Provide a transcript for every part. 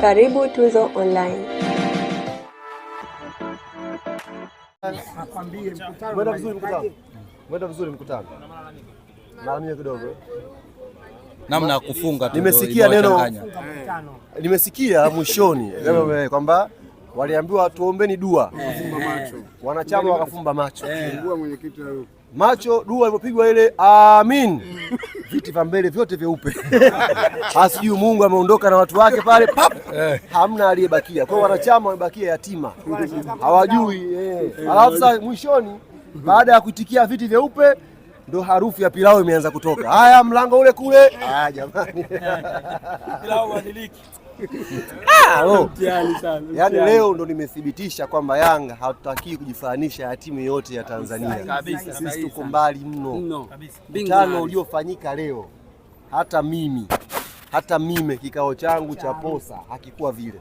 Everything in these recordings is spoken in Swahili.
Karibu Tuzo Online. Mwenda vizuri mkutano, mwenda vizuri mkutano, maramia kidogo namna ya kufunga. Nimesikia neno, nimesikia mwishoni kwamba waliambiwa tuombeni dua, wanachama wakafumba macho. Eh macho dua alipopigwa ile amin, viti vya mbele vyote vyeupe, asijui Mungu ameondoka na watu wake pale pap, eh. hamna aliyebakia. Kwa hiyo wanachama wamebakia yatima, hawajui eh. Alafu sasa mwishoni, baada ya kuitikia viti vyeupe ndo harufu ya pilau imeanza kutoka. Haya, mlango ule kule. Haya jamani, pilau badiliki yani ah, oh. Yaani leo ndo nimethibitisha kwamba Yanga hatutakii kujifananisha ya timu yote ya Tanzania. Sisi tuko mbali mno. Mkutano uliofanyika leo, hata mimi hata mime kikao changu cha posa hakikuwa vile,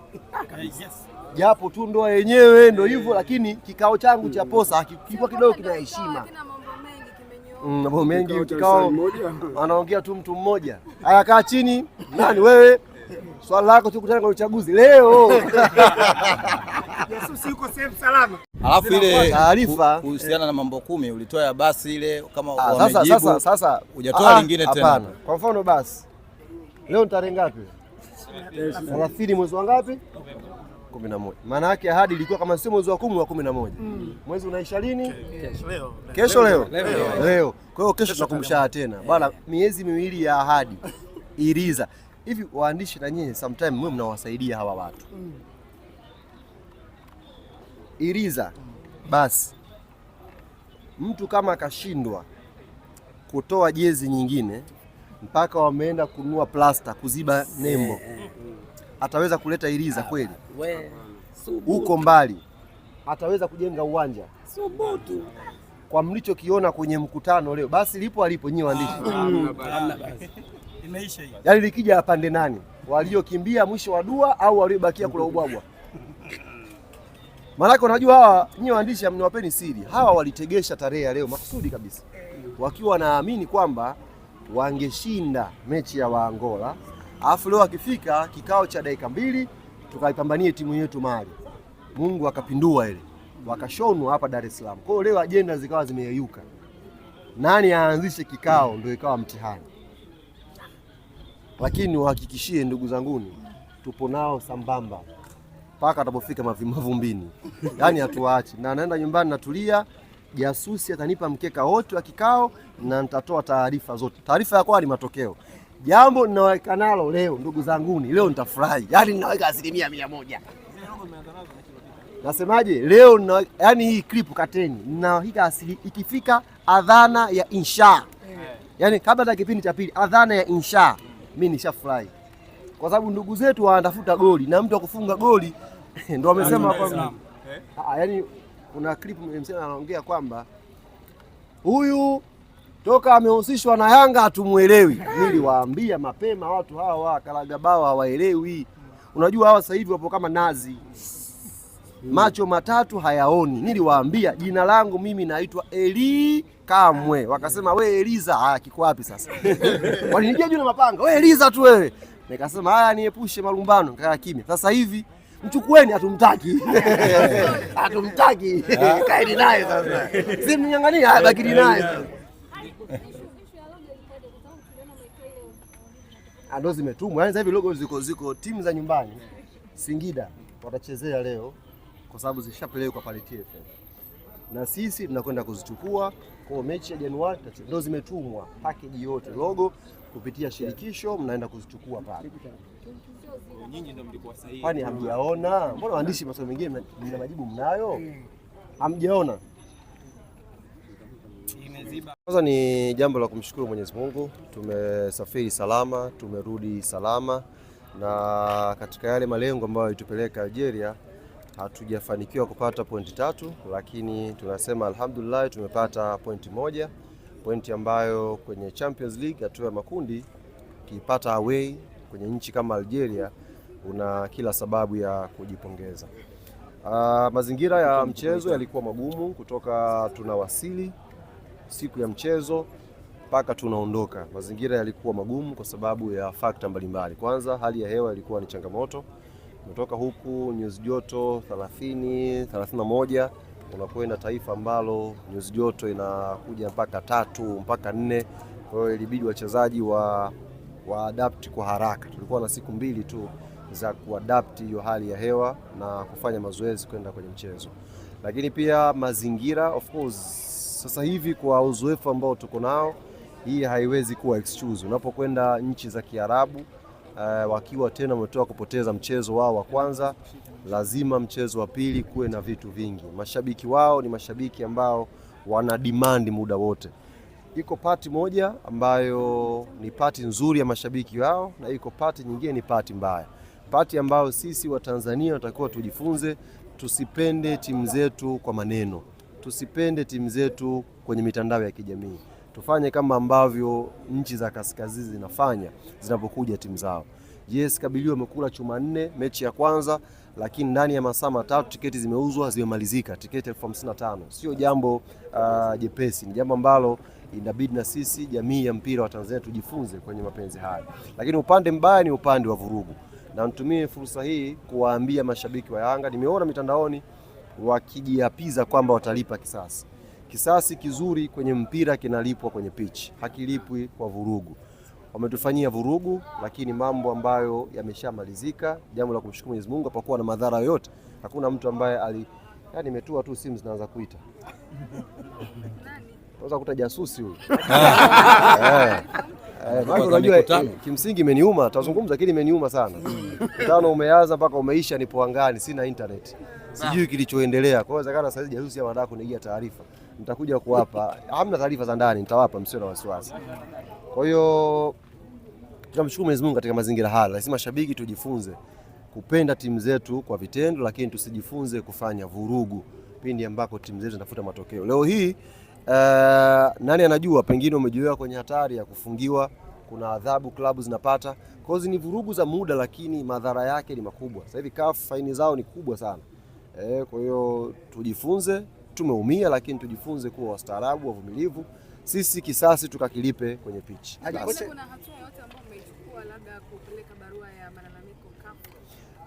japo tu ndoa yenyewe ndo hivyo, lakini kikao changu cha posa kikuwa kidogo kina heshima mm, mambo mengi, kikao anaongea tu mtu mmoja, ayakaa chini nani wewe swala lako tukutana kwa uchaguzi leo. Jasusi yuko sehemu salama. Alafu ile taarifa kuhusiana na mambo kumi ulitoa ya basi ile kama ah, wamejibu. Sasa sasa hujatoa ah, lingine tena. Hapana. Kwa mfano basi leo ni tarehe ngapi? 30 mwezi wa ngapi? kumi na moja. Maana yake ahadi ilikuwa kama sio mwezi wa kumi wa kumi na moja. Mm. Mwezi unaisha lini? Kesho. Leo leo. Kwa hiyo kesho tunakumbusha tena bwana, miezi miwili ya ahadi iriza hivi waandishi na nyinyi sometime mwe mnawasaidia hawa watu mm. Iriza mm. basi, mtu kama akashindwa kutoa jezi nyingine mpaka wameenda kununua plasta kuziba eh, nembo, eh, eh. ataweza kuleta Iriza ah, kweli? Huko mbali ataweza kujenga uwanja Subutu. Kwa mlichokiona kwenye mkutano leo, basi lipo alipo nyie waandishi ah, Imeisha hii. Yaani likija apande nani? Waliokimbia mwisho wa dua au waliobakia kula ubwabwa? Maanake unajua hawa nyinyi waandishi amniwapeni siri. Hawa walitegesha tarehe ya leo makusudi kabisa. Wakiwa wanaamini kwamba wangeshinda mechi ya Waangola. Alafu leo akifika kikao cha dakika mbili tukaipambanie timu yetu Mali. Mungu akapindua ile. Wakashonwa hapa Dar es Salaam. Kwa hiyo leo ajenda zikawa zimeyeyuka. Nani aanzishe kikao ndio ikawa mtihani lakini niwahakikishie ndugu zanguni, tupo nao sambamba mpaka atakapofika mavumbini, yaani hatuwaachi. Na anaenda nyumbani, natulia. Jasusi atanipa mkeka wote wa kikao na nitatoa taarifa zote. Taarifa ya kwanza ni matokeo. Jambo ninaweka nalo leo, ndugu zanguni, leo nitafurahi, yaani ninaweka asilimia mia moja. Nasemaje? Leo na, yani hii clip kateni na hika asili, ikifika adhana ya insha, eh. yani kabla ya kipindi cha pili adhana ya insha mi nishafurahi, kwa sababu ndugu zetu wanatafuta goli na mtu akufunga goli ndo amesema kwamba eh? kuna clip msema anaongea kwamba huyu toka amehusishwa na Yanga hatumwelewi. Niliwaambia mapema watu hawa karagabao hawaelewi. Unajua hawa sasa hivi wapo kama nazi macho matatu hayaoni. Niliwaambia jina langu mimi naitwa Eli Kamwe, wakasema we Eliza. Haya, kiko wapi sasa? walinijia juu na mapanga, we Eliza tu wewe. Nikasema haya, niepushe malumbano, kaa kimya. Sasa hivi mchukueni, hatumtaki hatumtaki, ah. kaeni naye sasa, si mnyang'ania. Haya, bakini naye ah, ndo zimetumwa. Yaani sasa hivi logo ziko ziko timu za nyumbani Singida watachezea leo kwa sababu zishapelekwa pale TFF na sisi tunakwenda kuzichukua. Kwa mechi ya Januari ndio zimetumwa package yote logo kupitia shirikisho, mnaenda kuzichukua pale. Nyinyi ndio mlikuwa sahihi, kwani hamjaona? Mbona waandishi maswali mengine bila majibu mnayo, hamjaona? Kwanza ni jambo la kumshukuru Mwenyezi Mungu, tumesafiri salama, tumerudi salama, na katika yale malengo ambayo yalitupeleka Algeria hatujafanikiwa kupata pointi tatu, lakini tunasema alhamdulillah tumepata pointi moja, pointi ambayo kwenye Champions League hatua ya makundi kipata away kwenye nchi kama Algeria una kila sababu ya kujipongeza. Uh, mazingira ya mchezo yalikuwa magumu kutoka tunawasili siku ya mchezo mpaka tunaondoka. Mazingira yalikuwa magumu kwa sababu ya fakta mbalimbali. Kwanza hali ya hewa ilikuwa ni changamoto Umetoka huku nyuzi joto 30, 31 unakwenda taifa ambalo nyuzi joto inakuja mpaka tatu mpaka nne. Kwa hiyo ilibidi wachezaji wa, wa adapt kwa haraka. Tulikuwa na siku mbili tu za kuadapti hiyo hali ya hewa na kufanya mazoezi kwenda kwenye mchezo, lakini pia mazingira of course sasa hivi kwa uzoefu ambao tuko nao, hii haiwezi kuwa excuse. Unapokwenda nchi za Kiarabu uh, wakiwa tena wametoka kupoteza mchezo wao wa kwanza, lazima mchezo wa pili kuwe na vitu vingi. Mashabiki wao ni mashabiki ambao wana demand muda wote. Iko pati moja ambayo ni pati nzuri ya mashabiki wao na iko pati nyingine ni pati mbaya, pati ambayo sisi Watanzania tunatakiwa tujifunze. Tusipende timu zetu kwa maneno, tusipende timu zetu kwenye mitandao ya kijamii tufanye kama ambavyo nchi za kaskazini zinafanya zinapokuja timu zao. Yes, Kabiliwa amekula chuma nne mechi ya kwanza, lakini ndani ya masaa matatu tiketi zimeuzwa zimemalizika, tiketi elfu hamsini na tano. Sio jambo uh, jepesi, ni jambo ambalo inabidi na sisi jamii ya mpira wa Tanzania tujifunze kwenye mapenzi haya, lakini upande mbaya ni upande wa vurugu, na nitumie fursa hii kuwaambia mashabiki wa Yanga, nimeona mitandaoni wakijiapiza kwamba watalipa kisasi. Kisasi kizuri kwenye mpira kinalipwa kwenye pitch, hakilipwi kwa vurugu. Wametufanyia vurugu, lakini mambo ambayo yameshamalizika, jambo la kumshukuru Mwenyezi Mungu, hapakuwa na madhara yoyote. Hakuna mtu ambaye ali, yani imetua tu simu zinaanza kuita unaweza kuta jasusi huyu eh, eh, unajua eh, kimsingi imeniuma, tutazungumza lakini imeniuma sana. Mkutano umeanza mpaka umeisha, nipo angani, sina internet, sijui kilichoendelea. Kwa hiyo inawezekana sasa hivi jasusi anataka kunigia taarifa nitakuja kuwapa, hamna taarifa za ndani, nitawapa, msio na wasiwasi. Kwa hiyo tunamshukuru Mwenyezi Mungu katika mazingira haya. Lazima mashabiki tujifunze kupenda timu zetu kwa vitendo, lakini tusijifunze kufanya vurugu pindi ambako timu zetu zinatafuta matokeo. Leo hii uh, nani anajua, pengine umejiweka kwenye hatari ya kufungiwa, kuna adhabu klabu zinapata. Kwa hiyo ni vurugu za muda, lakini madhara yake ni makubwa. Sasa hivi CAF faini zao ni kubwa sana. Eh, kwa hiyo tujifunze tumeumia, lakini tujifunze kuwa wastaarabu, wavumilivu. Sisi kisasi tukakilipe kwenye pichi.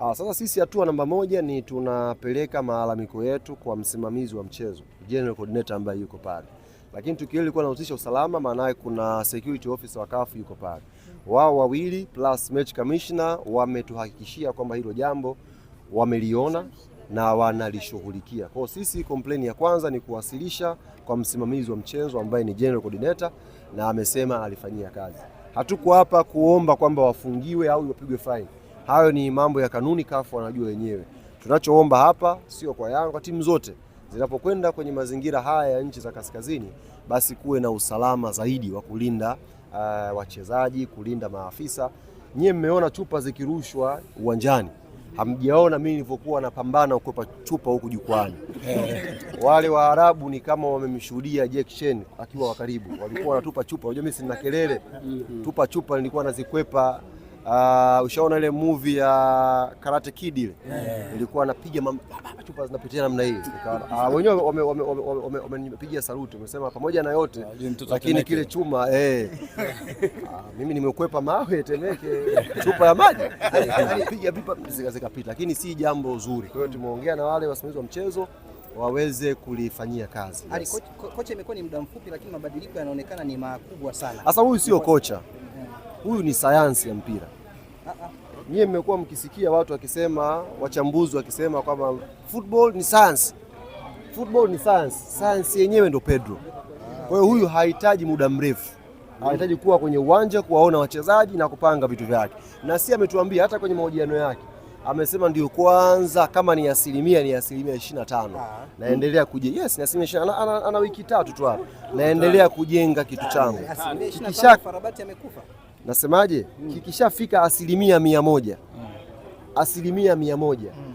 Ah, sasa sisi hatua namba moja ni tunapeleka malalamiko yetu kwa msimamizi wa mchezo general coordinator ambaye yuko pale, lakini tukio lilikuwa linahusisha usalama, maana kuna security officer wa CAF yuko pale. Wao wawili plus match commissioner wametuhakikishia kwamba hilo jambo wameliona na wanalishughulikia. Kwa sisi complain ya kwanza ni kuwasilisha kwa msimamizi wa mchezo ambaye ni general coordinator, na amesema alifanyia kazi. Hatuko hapa kuomba kwamba wafungiwe au wapigwe fine. hayo ni mambo ya kanuni, kafu wanajua wenyewe. Tunachoomba hapa sio kwa Yanga, kwa timu zote zinapokwenda kwenye mazingira haya ya nchi za kaskazini, basi kuwe na usalama zaidi wa kulinda uh, wachezaji, kulinda maafisa. Nyie mmeona chupa zikirushwa uwanjani hamjaona mimi nilivyokuwa napambana ukwepa chupa huku jukwani. Eh. Wale Waarabu ni kama wamemshuhudia Jack Chen akiwa wa karibu, walikuwa wanatupa chupa. Unajua mimi sina kelele, mm-hmm. tupa chupa nilikuwa nazikwepa Uh, ushaona ile movie ya Karate Kid ile yeah. Ilikuwa anapiga chupa zinapitia namna hii, uh, wenyewe wamenipigia saluti, wamesema pamoja na yote ah, lakini kile chuma eh, mimi nimekwepa mawe Temeke chupa ya maji piga pipa zikapita, lakini si jambo zuri. Kwa hiyo tumeongea na wale wasimamizi wa mchezo waweze kulifanyia kazi. Yes. Kocha imekuwa ni muda mfupi, lakini mabadiliko yanaonekana ni makubwa sana. Sasa huyu sio kocha, eh. huyu ni sayansi ya mpira. Nyie mmekuwa mkisikia watu wakisema, wachambuzi wakisema kwamba football ni science. Football ni science. Science yenyewe ndo Pedro. Kwa hiyo huyu hahitaji muda mrefu, anahitaji kuwa kwenye uwanja, kuwaona wachezaji na kupanga vitu vyake, na si ametuambia hata kwenye mahojiano yake amesema ndio kwanza, kama ni asilimia ni asilimia 25 ah. naendelea kujenga. Yes, ni asilimia 25 ana, ana, ana wiki tatu tu hapa, naendelea kujenga kitu ah, changu kikisha nasemaje, mm. kikishafika asilimia mia moja mm. asilimia mia moja mm.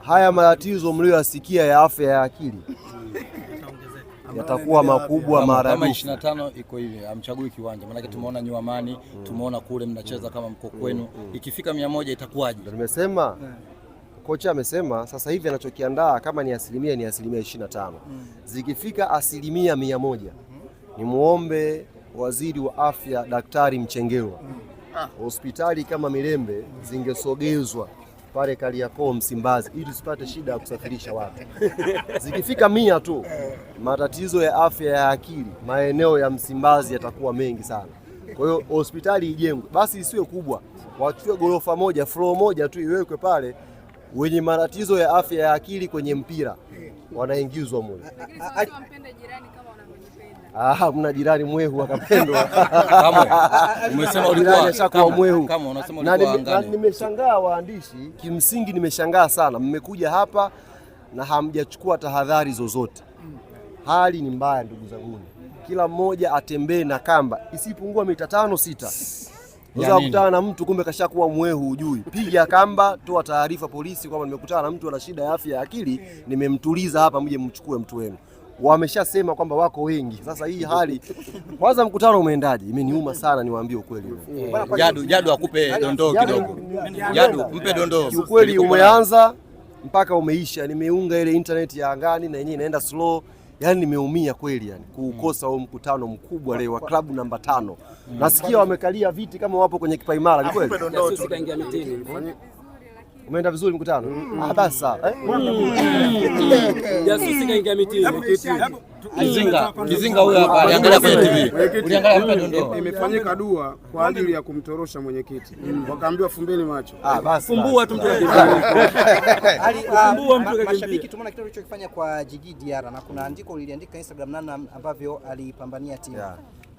haya matatizo mliyoyasikia ya afya ya akili hmm. yatakuwa makubwa maradufu. Kama 25 iko hivi, amchagui kiwanja, maanake hmm. tumeona nyuamani hmm. tumeona kule mnacheza kama mko kwenu. Ikifika mia moja itakuwaje? Nimesema kocha amesema sasa hivi anachokiandaa kama ni asilimia ni asilimia 25, zikifika asilimia mia moja ni muombe waziri wa afya Daktari mchengewa ah. hospitali kama Mirembe zingesogezwa pale Kariakoo Msimbazi, ili tusipate shida ya kusafirisha watu zikifika mia tu, matatizo ya afya ya akili maeneo ya Msimbazi yatakuwa mengi sana. Kwa hiyo hospitali ijengwe basi, isiwe kubwa, wachukue ghorofa moja, floor moja tu iwekwe pale, wenye matatizo ya afya ya akili kwenye mpira wanaingizwa moja Ah, mna jirani mwehu akapendwa. Umesema ulikuwa kama mwehu. Kama unasema ulikuwa angani. Nimeshangaa waandishi, kimsingi nimeshangaa sana. Mmekuja hapa na hamjachukua tahadhari zozote. Hali ni mbaya ndugu zangu. Kila mmoja atembee na kamba isipungua mita tano sita. Unaweza kukutana na mtu kumbe kashakuwa mwehu hujui. Piga kamba, toa taarifa polisi kwamba nimekutana na mtu ana shida ya afya ya akili, nimemtuliza hapa mje mchukue mtu wenu wameshasema kwamba wako wengi. Sasa hii hali kwanza, mkutano umeendaje? Imeniuma sana, niwaambie ukweli. Eh, Jadu, Jadu akupe dondoo kidogo. Jadu, mpe dondoo. Ukweli umeanza mpaka umeisha, nimeunga ile internet ya angani na yenyewe inaenda slow. Yani nimeumia kweli, yani kuukosa huo mkutano mkubwa leo wa klabu namba tano. Mm. Nasikia wamekalia viti kama wapo kwenye kipaimara, ni kweli? umeenda vizuri mkutano? Mm. Ah, basa. Eh? Mm. Mm. Kizinga, Kizinga huyo hapa aliangalia kwenye TV. Uliangalia hapa ndio. Imefanyika dua kwa ajili ya kumtorosha mwenyekiti. Wakaambiwa fumbeni macho. Ah, basi. Fumbua tu mtu ah, Fumbua mtu kakimbia. Mashabiki tumeona kitu alichokifanya kwa Jiji Diarra na kuna andiko liliandika Instagram nana ambavyo alipambania timu.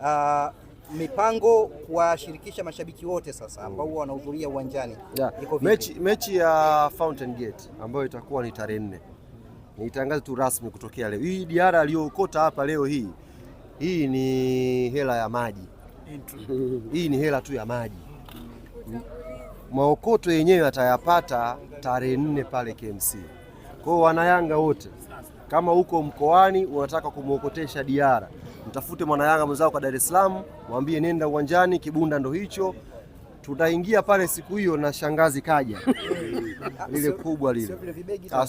Ah, mipango kuwashirikisha mashabiki wote sasa ambao huwa wanahudhuria uwanjani yeah. Mechi, mechi ya Fountain Gate ambayo itakuwa ni tarehe nne niitangaze tu rasmi kutokea leo hii. Diara aliyookota hapa leo hii hii ni hela ya maji hii ni hela tu ya maji. Maokoto yenyewe atayapata tarehe nne pale KMC. Kwao wanayanga wote kama uko mkoani unataka kumuokotesha Diara, mtafute mwana Yanga mwenzao kwa Dar es Salaam, mwambie nenda uwanjani Kibunda, ndo hicho tutaingia pale siku hiyo na shangazi kaja lile kubwa lile, sio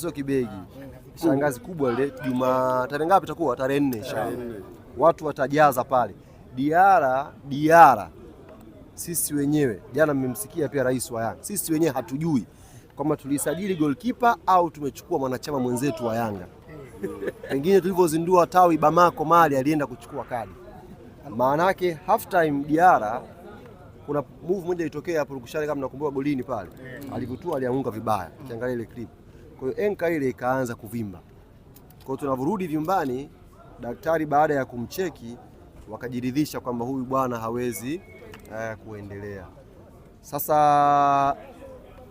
ah, kibegi, ah, mm. shangazi kubwa lile. Juma tarehe ngapi? Itakuwa tarehe nne. Watu watajaza pale Diara. Diara sisi wenyewe, jana mmemsikia pia rais wa Yanga, sisi wenyewe hatujui kama tulisajili goalkeeper au tumechukua mwanachama mwenzetu wa Yanga pengine tulivyozindua tawi Bamako Mali alienda kuchukua kadi. Maana yake half time Diara kuna move moja ilitokea hapo Lukushani kama nakumbuka golini pale. Alivutua alianguka vibaya. Ukiangalia ile clip. Kwa hiyo enka ile ikaanza kuvimba. Kwa hiyo tunavurudi vyumbani, daktari baada ya kumcheki wakajiridhisha kwamba huyu bwana hawezi eh, kuendelea. Sasa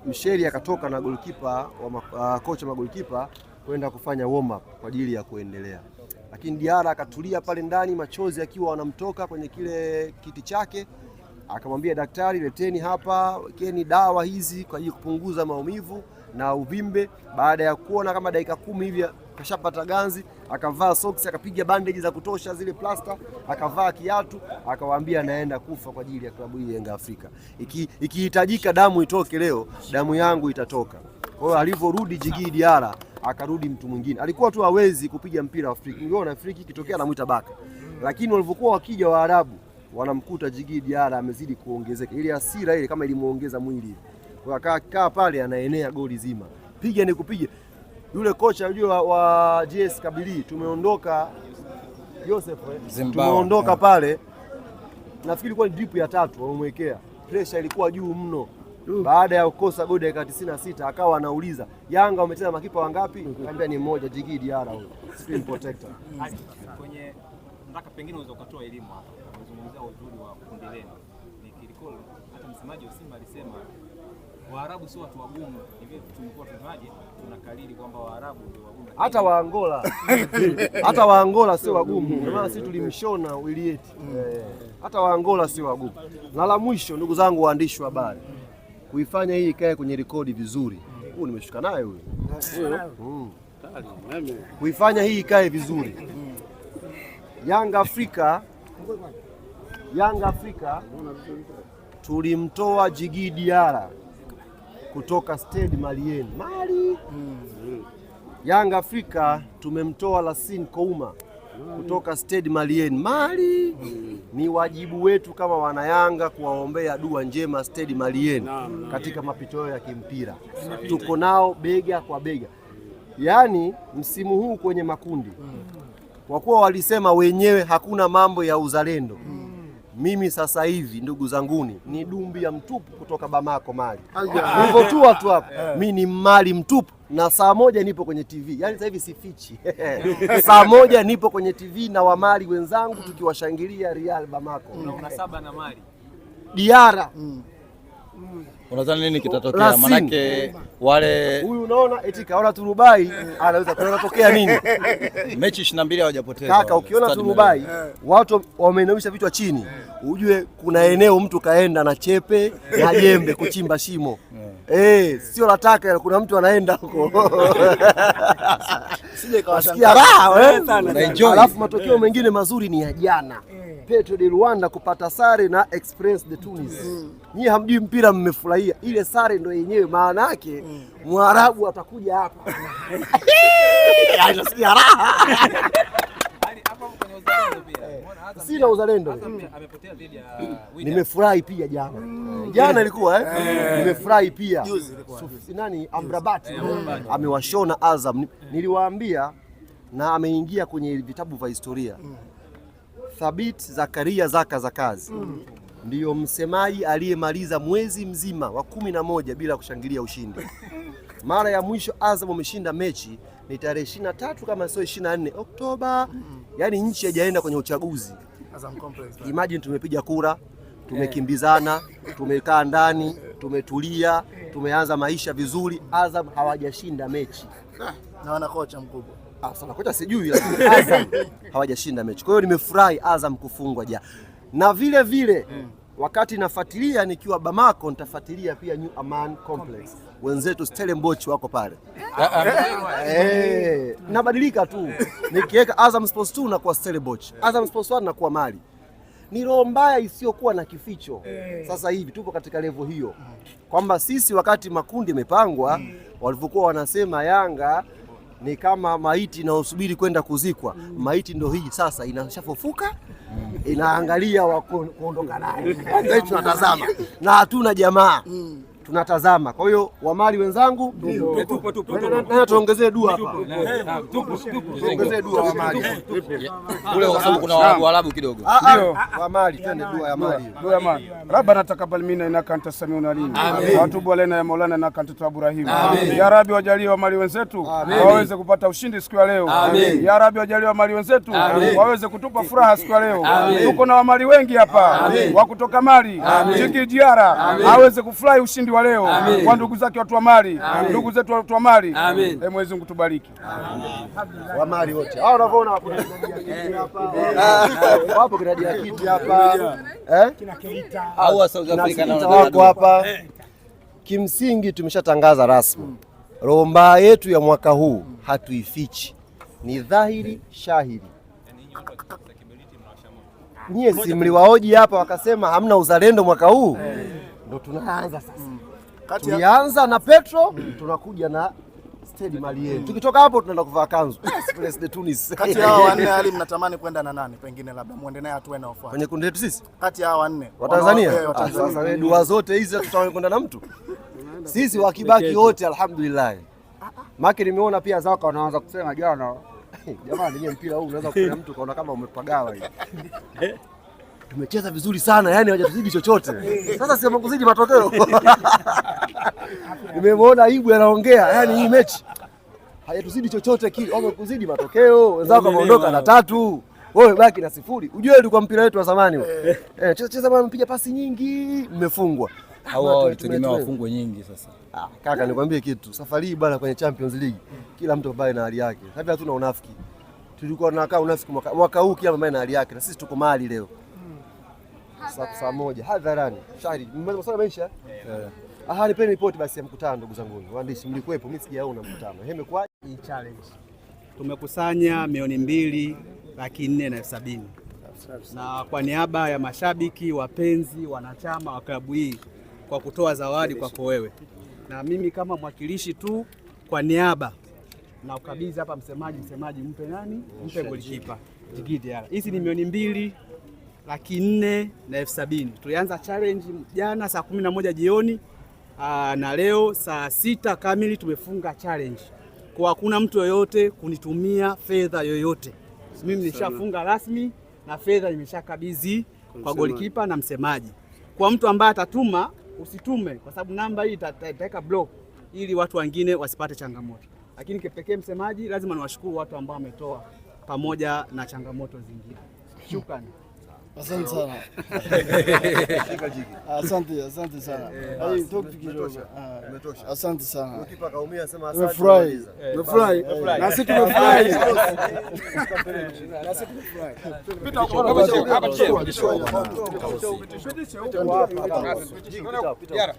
Msheri akatoka na golikipa wa uh, kocha magolikipa kwenda kufanya warm up kwa ajili ya kuendelea, lakini Diara akatulia pale ndani, machozi akiwa wanamtoka kwenye kile kiti chake, akamwambia daktari, leteni hapa, keni dawa hizi kwa ajili kupunguza maumivu na uvimbe. Baada ya kuona kama dakika kumi hivi kashapata ganzi, akavaa socks, akapiga bandage za kutosha zile plasta, akavaa kiatu, akawaambia anaenda kufa kwa ajili ya klabu hii Yanga Afrika. Ikihitajika iki damu itoke leo, damu yangu itatoka. Kwa hiyo alivyorudi Djigui Diara akarudi mtu mwingine, alikuwa tu hawezi kupiga mpira wa free kick. Ungeona free kick ikitokea anamwita baka, lakini walivyokuwa wakija Waarabu wanamkuta Djigui Diara amezidi kuongezeka, ile hasira ile kama ilimuongeza mwili, kwa akakaa pale anaenea goli zima, piga ni kupiga. Yule kocha yule wa, wa JS Kabili tumeondoka Joseph, eh? tumeondoka pale, nafikiri ilikuwa ni drip ya tatu wamemwekea, pressure ilikuwa juu mno. Baada ya kukosa goli dakika tisini na sita akawa anauliza Yanga wamecheza makipa wangapi? Kaambia ni mmoja, Djigui Diarra huyo spin protector kwenye mpaka pengine unaweza ukatoa elimu hapa, unazungumzia uzuri wa kundi lenu. Nikirikolo hata msemaji wa Simba alisema Waarabu sio watu wagumu, tumekuwa tunaaje, tunakariri kwamba Waarabu ndio wagumu, hata Waangola hata Waangola sio wagumu, kwa maana sisi tulimshona Wilieti, mm. eh, hata Waangola sio wagumu. Na la mwisho, ndugu zangu waandishi wa habari kuifanya hii ikae kwenye rekodi vizuri. Hmm. Huyu nimeshuka naye huyu, kuifanya hii ikae vizuri. Hmm. Yanga Afrika, Yanga Afrika tulimtoa Jigi Diara kutoka Stade Malien Mali. Hmm. Yanga Afrika tumemtoa Lassine Kouma kutoka Stade Malien Mali. Ni wajibu wetu kama wanayanga kuwaombea dua njema Stade Malien katika mapitio ya kimpira, tuko nao bega kwa bega. Yaani msimu huu kwenye makundi, kwa kuwa walisema wenyewe hakuna mambo ya uzalendo mimi sasa hivi ndugu zanguni ni dumbi ya mtupu kutoka Bamako Mali, hivyo tu watu hapa, eh. mimi ni Mali mtupu na saa moja nipo kwenye TV, yani sasa hivi sifichi saa moja nipo kwenye TV na wamali wenzangu tukiwashangilia Real Bamako na una saba na mali Diara mm. Unadhani nini kitatokea? Manake wale huyu unaona eti kaona turubai anaweza kunatokea nini? mechi 22 hawajapoteza kaka. Ukiona turubai watu wameinamisha vichwa chini, ujue kuna eneo mtu kaenda na chepe na jembe kuchimba shimo Eh, sio la taka, kuna mtu anaenda huko. Sikia raha alafu matokeo eh. mengine mazuri ni ya jana eh. Petro de Luanda kupata sare na Experience de Tunis. Mm. Nyie hamjui mpira, mmefurahia ile sare ndo yenyewe maana yake. Mm. Mwarabu atakuja hapa. Anasikia raha Eh, sina uzalendo. Hmm. Nimefurahi pia jana hmm. jana ilikuwa eh, eh. nimefurahi pia nani Amrabati eh, hmm, amewashona Azam, niliwaambia na ameingia kwenye vitabu vya historia. Thabit Zakaria Zaka za kazi ndiyo msemaji aliyemaliza mwezi mzima wa kumi na moja bila kushangilia ushindi. Mara ya mwisho Azam ameshinda mechi ni tarehe 23 kama sio 24 Oktoba yaani nchi haijaenda kwenye uchaguzi. Imagine tumepiga kura, tumekimbizana, eh. tumekaa ndani, tumetulia, tumeanza maisha vizuri. Azam hawajashinda mechi na wana kocha mkubwa Ah, sana kocha sijui, lakini Azam hawajashinda mechi. Kwa hiyo nimefurahi Azam kufungwa jana, na vile vile mm. wakati nafuatilia nikiwa Bamako, nitafuatilia pia New Aman Complex wenzetu Stele Mbochi wako pale. Ah, ah. Eh, nabadilika tu nikiweka Azam Sports 2 nakuwa Stele Azam Sports 1 nakuwa Mali. Ni roho mbaya isiyokuwa na kificho. Eh. Sasa hivi tupo katika levo hiyo kwamba sisi wakati makundi yamepangwa, walivyokuwa wanasema Yanga ni kama maiti inayosubiri kwenda kuzikwa. Maiti ndo hii sasa, inashafufuka inaangalia wa kuondoka naye, tunatazama na hatuna jamaa mm tunatazama. Kwa hiyo wamali wenzangu, tuongezee dua hapa, tuongezee dua Kule ah, ah, ah, dua ya mali, dua ya mali. Rabbana taqabbal minna innaka alim wa alaina ya maulana innaka anta tawwabur rahim. Ya Rabbi, wajalie wamali wenzetu waweze kupata ushindi siku ya leo. Ya Rabbi, wajalie wamali wenzetu waweze kutupa furaha siku ya leo. Tuko na wamali wengi hapa wa kutoka mali Jiki Jiara aweze kufurahi ushindi wa leo Amin. kwa ndugu zake watu wa mali, ndugu zetu watu wa mali, eh, Mwenyezi Mungu tubariki eh. eh? wa mali wote hao unavyoona wapo wapo dia Diakiti hapa eh, kina Keita au South Africa na wako hapa. Kimsingi tumeshatangaza rasmi mbaya yetu ya mwaka huu, hatuifichi, ni dhahiri shahiri. Nyie si mliwaoji hapa wakasema hamna uzalendo mwaka huu? ndo tunaanza sasa mm. Tulianza na Petro mm. tunakuja na Stedi Malien mm. tukitoka hapo tunaenda kuvaa kanzu Express de Tunis. Kati ya hao wanne ali mnatamani kwenda na nani? Pengine labda muende naye hatua inayofuata kwenye kundi letu sisi, kati ya hao wanne wa Tanzania. Ah, sasa wewe dua zote hizi tutawahi kwenda na mtu sisi wakibaki wote alhamdulillah. Ah, ah. Maki nimeona pia zaka wanaanza kusema jana, jamani, mpira huu unaweza kuona mtu kaona kama umepagawa hivi tumecheza vizuri sana, yani hawajatuzidi chochote. Sasa sema kuzidi matokeo nimemwona aibu anaongea, yani hii mechi hajatuzidi chochote kile, wamekuzidi matokeo. Wenzako wameondoka na tatu, wewe baki na sifuri. Ujue ulikuwa mpira wetu wa zamani eh. eh, cheza cheza mpiga pasi nyingi mmefungwa hao walitegemea wafungwe nyingi. Sasa ah, kaka, nikwambie kitu, safari hii bwana, kwenye Champions League kila mtu ambaye na hali yake. Sasa hatuna unafiki, tulikuwa tunakaa unafiki mwaka huu, kila mtu ambaye na hali yake, na sisi tuko mali leo saa moja hadharani shahidi masuala maisha. Ah, nipeni ripoti basi ya mkutano, ndugu zangu waandishi, mlikuwepo, mimi sijaona mkutano. Heme kwa challenge. Tumekusanya milioni mbili laki nne na elfu sabini na kwa niaba ya mashabiki, wapenzi, wanachama wa klabu hii kwa kutoa zawadi kwako wewe na mimi kama mwakilishi tu kwa niaba na ukabidhi hapa msemaji, msemaji mpe nani? Mpe golikipa tikiti. Hizi ni milioni mbili laki nne na elfu sabini. Tulianza challenge jana saa kumi na moja jioni aa, na leo saa sita kamili tumefunga challenge kwa hakuna mtu yoyote kunitumia fedha yoyote. Mimi nishafunga rasmi na fedha nimeshakabidhi kwa golikipa na msemaji. Kwa mtu ambaye atatuma usitume, kwa sababu namba hii itaweka block ili watu wengine wasipate changamoto. Lakini kipekee msemaji, lazima niwashukuru watu ambao wametoa pamoja na changamoto zingine. Shukrani. Asante sana. Asante, asante sana. Eh, Hadi topic kidogo. Imetosha. Ah, asante sana. Ukipa kaumia sema asante. Umefurahi. Umefurahi. Na eh, sisi tumefurahi. Na sisi tumefurahi. Pita huko hapa chini. Yara.